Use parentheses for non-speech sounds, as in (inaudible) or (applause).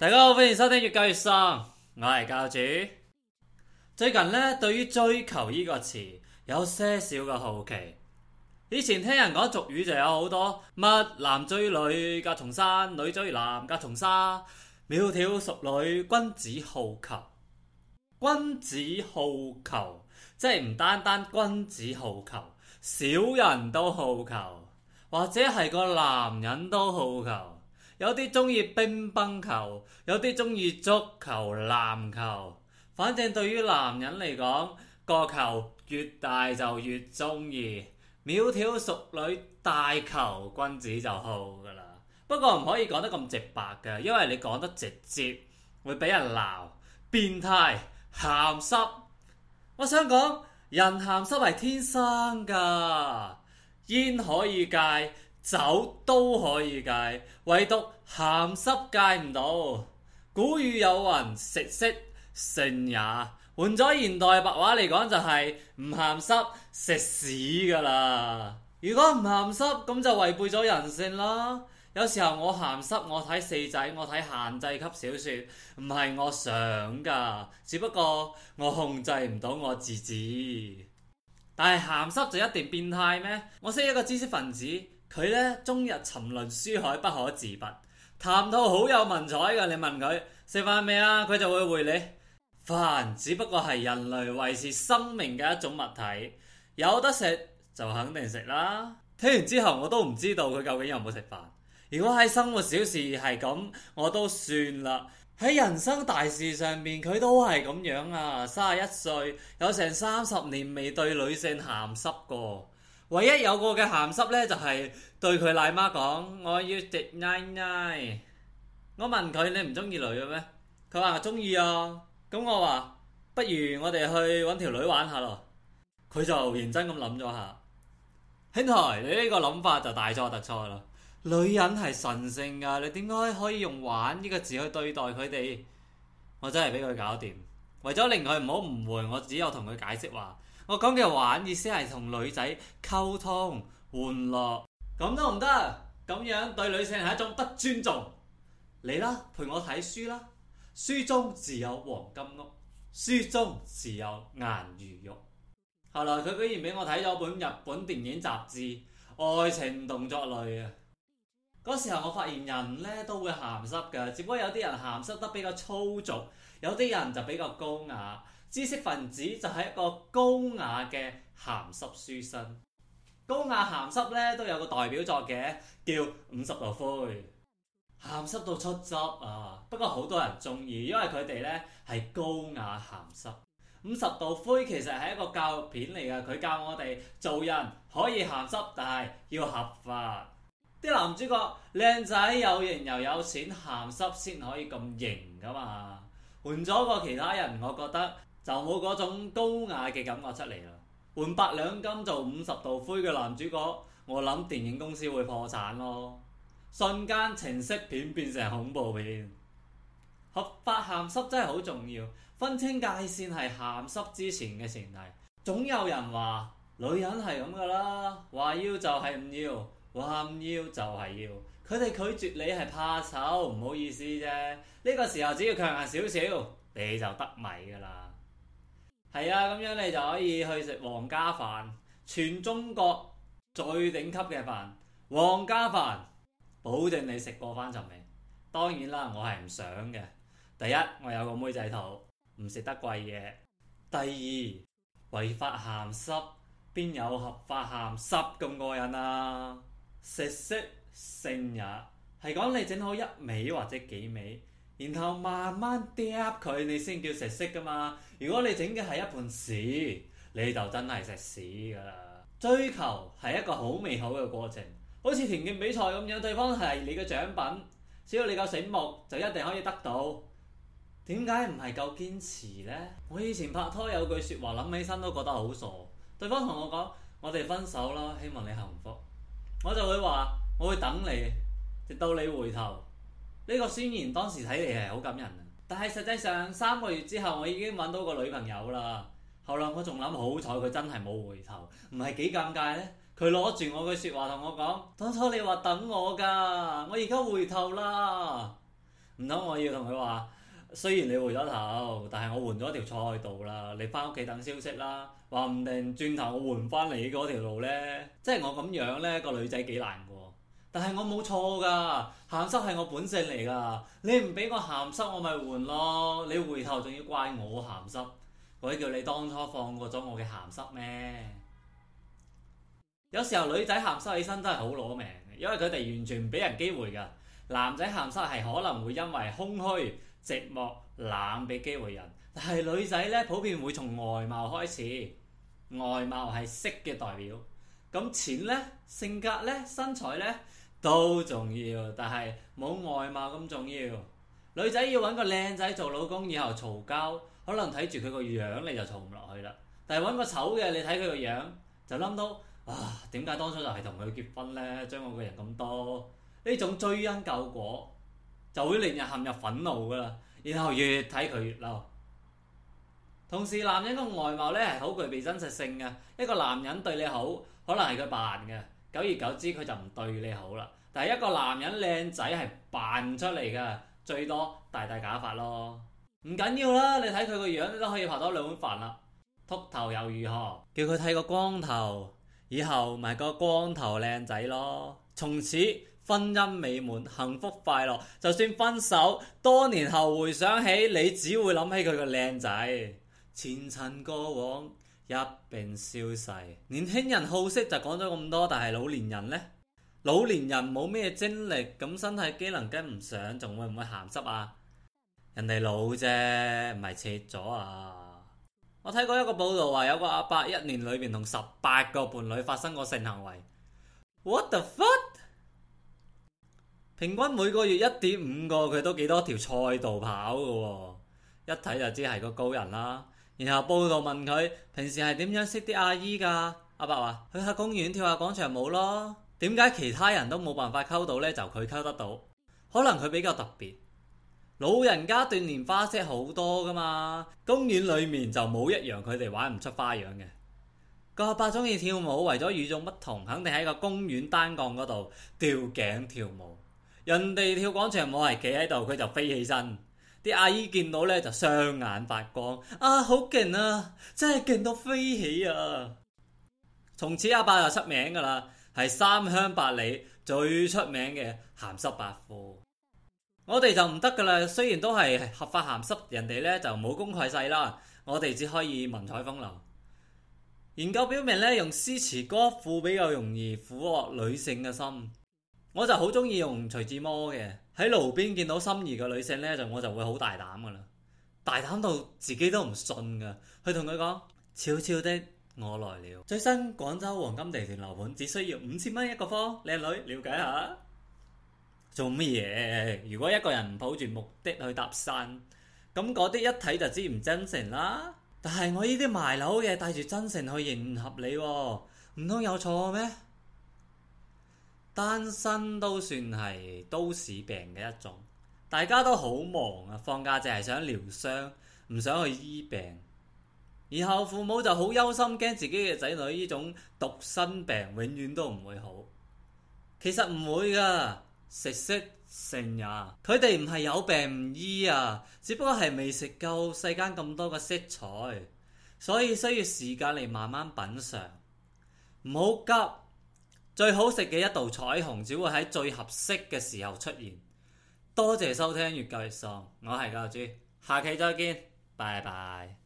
大家好，歡迎收聽《粵教粵喪》，我係教主。最近呢，對於追求呢個詞有些少嘅好奇。以前聽人講俗語就有好多，乜男追女隔重山，女追男隔重山。窈窕淑女，君子好逑。君子好逑，即係唔單單君子好逑，小人都好逑，或者係個男人都好逑。有啲中意乒乓球，有啲中意足球、籃球。反正對於男人嚟講，個球越大就越中意。窈窕淑女，大球君子就好噶啦。不過唔可以講得咁直白嘅，因為你講得直接會俾人鬧變態咸濕。我想講人咸濕係天生噶，煙可以戒。酒都可以戒，唯獨咸濕戒唔到。古語有云：食色，性也。換咗現代白話嚟講，就係唔咸濕食屎噶啦。如果唔咸濕，咁就違背咗人性啦。有時候我咸濕，我睇四仔，我睇限制級小說，唔係我想噶，只不過我控制唔到我自己。但係咸濕就一定變態咩？我識一個知識分子。佢呢，終日沉淪書海不可自拔，談吐好有文采噶。你問佢食飯未啊？佢就會回你：飯只不過係人類維持生命嘅一種物體，有得食就肯定食啦。聽完之後我都唔知道佢究竟有冇食飯。如果喺生活小事係咁，我都算啦。喺人生大事上面，佢都係咁樣啊！三十一歲，有成三十年未對女性咸濕過。唯一有過嘅鹹濕呢，就係對佢奶媽講：我要食奶奶。我問佢：你唔中意女嘅咩？佢話：中意啊。咁我話：不如我哋去揾條女玩下咯。佢就認真咁諗咗下。兄台，你呢個諗法就大錯特錯啦！女人係神聖㗎，你點解可以用玩呢個字去對待佢哋？我真係俾佢搞掂。為咗令佢唔好誤會，我只有同佢解釋話。我講嘅玩意思係同女仔溝通玩樂，咁都唔得，咁樣對女性係一種不尊重。嚟啦，陪我睇書啦，書中自有黃金屋，書中自有顏如玉。後來佢居然俾我睇咗本日本電影雜誌，愛情動作類嘅。嗰時候我發現人呢都會鹹濕㗎，只不過有啲人鹹濕得比較粗俗，有啲人就比較高雅。知識分子就係一個高雅嘅鹹濕書生，高雅鹹濕咧都有個代表作嘅，叫五十度灰。鹹濕到出汁啊！不過好多人中意，因為佢哋咧係高雅鹹濕。五十度灰其實係一個教育片嚟嘅，佢教我哋做人可以鹹濕，但係要合法。啲男主角靚仔有型又有錢，鹹濕先可以咁型噶嘛？換咗個其他人，我覺得。就冇嗰種高雅嘅感覺出嚟啦。換八兩金做五十度灰嘅男主角，我諗電影公司會破產咯。瞬間情色片變成恐怖片，合法鹹濕真係好重要，分清界線係鹹濕之前嘅前提。總有人話女人係咁噶啦，話要就係唔要，話唔要就係要。佢哋拒絕你係怕醜，唔好意思啫。呢個時候只要強硬少少，你就得米噶啦。係啊，咁樣你就可以去食皇家飯，全中國最頂級嘅飯，皇家飯，保證你食過翻尋味。當然啦，我係唔想嘅。第一，我有個妹仔肚，唔食得貴嘢。第二，違法鹹濕，邊有合法鹹濕咁過癮啊？食色性也，係講你整好一味或者幾味。然後慢慢嗒佢，你先叫食色㗎嘛。如果你整嘅係一盤屎，你就真係食屎㗎啦。追求係一個好美好嘅過程，好似田徑比賽咁樣，對方係你嘅獎品，只要你夠醒目，就一定可以得到。點解唔係夠堅持呢？我以前拍拖有句説話，諗起身都覺得好傻。對方同我講：我哋分手啦，希望你幸福。我就會話：我會等你，直到你回頭。呢個宣言當時睇嚟係好感人啊，但係實際上三個月之後，我已經揾到個女朋友啦。後來我仲諗好彩，佢真係冇回頭，唔係幾尷尬咧？佢攞住我句説話同我講：當初你話等我㗎，我而家回頭啦。唔通我要同佢話，雖然你回咗頭，但係我換咗條賽道啦。你翻屋企等消息啦，話唔定轉頭我換翻你嗰條路呢？即係我咁樣呢個女仔幾難過喎。但係我冇錯噶，咸濕係我本性嚟噶。你唔俾我咸濕，我咪換咯。你回頭仲要怪我咸濕，鬼叫你當初放過咗我嘅咸濕咩？ (laughs) 有時候女仔咸濕起身真係好攞命，因為佢哋完全唔俾人機會噶。男仔咸濕係可能會因為空虛、寂寞、冷俾機會人，但係女仔咧普遍會從外貌開始，外貌係色嘅代表。咁錢咧、性格咧、身材咧。都重要，但係冇外貌咁重要。女仔要揾個靚仔做老公，以後嘈交，可能睇住佢個樣，你就嘈唔落去啦。但係揾個醜嘅，你睇佢個樣就諗到啊，點解當初就係同佢結婚呢？將我嘅人咁多，呢種追因救果就會令人陷入憤怒噶啦。然後越睇佢越嬲。同時，男人個外貌呢係好具備真實性嘅。一個男人對你好，可能係佢扮嘅。久而久之佢就唔對你好啦，但一個男人靚仔係扮唔出嚟嘅，最多戴戴假髮咯，唔緊要啦，你睇佢個樣你都可以拍到兩碗飯啦。禿頭又如何？叫佢剃個光頭，以後咪個光頭靚仔咯。從此婚姻美滿，幸福快樂。就算分手多年後回想起，你只會諗起佢個靚仔，前塵過往，一併消逝。年輕人好色就講咗咁多，但係老年人呢？老年人冇咩精力，咁身體機能跟唔上，仲會唔會鹹濕啊？人哋老啫，唔係切咗啊！我睇過一個報道話，有個阿伯一年裏面同十八個伴侶發生過性行為，What the fuck？平均每個月一點五個，佢都幾多條賽道跑㗎喎，一睇就知係個高人啦。然後報道問佢平時係點樣識啲阿姨噶？阿伯話，去下公園跳下廣場舞咯。點解其他人都冇辦法溝到呢？就佢溝得到，可能佢比較特別。老人家鍛煉花式好多噶嘛，公園裏面就冇一樣佢哋玩唔出花樣嘅。個阿伯中意跳舞，為咗與眾不同，肯定喺個公園單槓嗰度吊頸跳舞。人哋跳廣場舞係企喺度，佢就飛起身。啲阿姨見到咧就雙眼發光，啊，好勁啊，真係勁到飛起啊！從此阿伯就出名噶啦，係三鄉八里最出名嘅鹹濕伯父。我哋就唔得噶啦，雖然都係合法鹹濕，人哋咧就武功蓋世啦，我哋只可以文采風流。研究表明咧，用詩詞歌賦比較容易俘獲女性嘅心。我就好中意用徐志摩嘅，喺路邊見到心儀嘅女性呢，就我就會好大膽噶啦，大膽到自己都唔信噶，去同佢講悄悄的我來了。最新廣州黃金地段樓盤只需要五千蚊一個方，靚女了解下做乜嘢？如果一個人唔抱住目的去搭訕，咁嗰啲一睇就知唔真誠啦。但係我呢啲賣樓嘅帶住真誠去迎合你喎，唔通有錯咩？單身都算係都市病嘅一種，大家都好忙啊，放假淨係想療傷，唔想去醫病。然後父母就好憂心，驚自己嘅仔女呢種獨身病永遠都唔會好。其實唔會噶，食色性也，佢哋唔係有病唔醫啊，只不過係未食夠世間咁多嘅色彩，所以需要時間嚟慢慢品嘗，唔好急。最好食嘅一道彩虹只會喺最合適嘅時候出現。多謝收聽《粵教粵喪》，我係教主，下期再見，拜拜。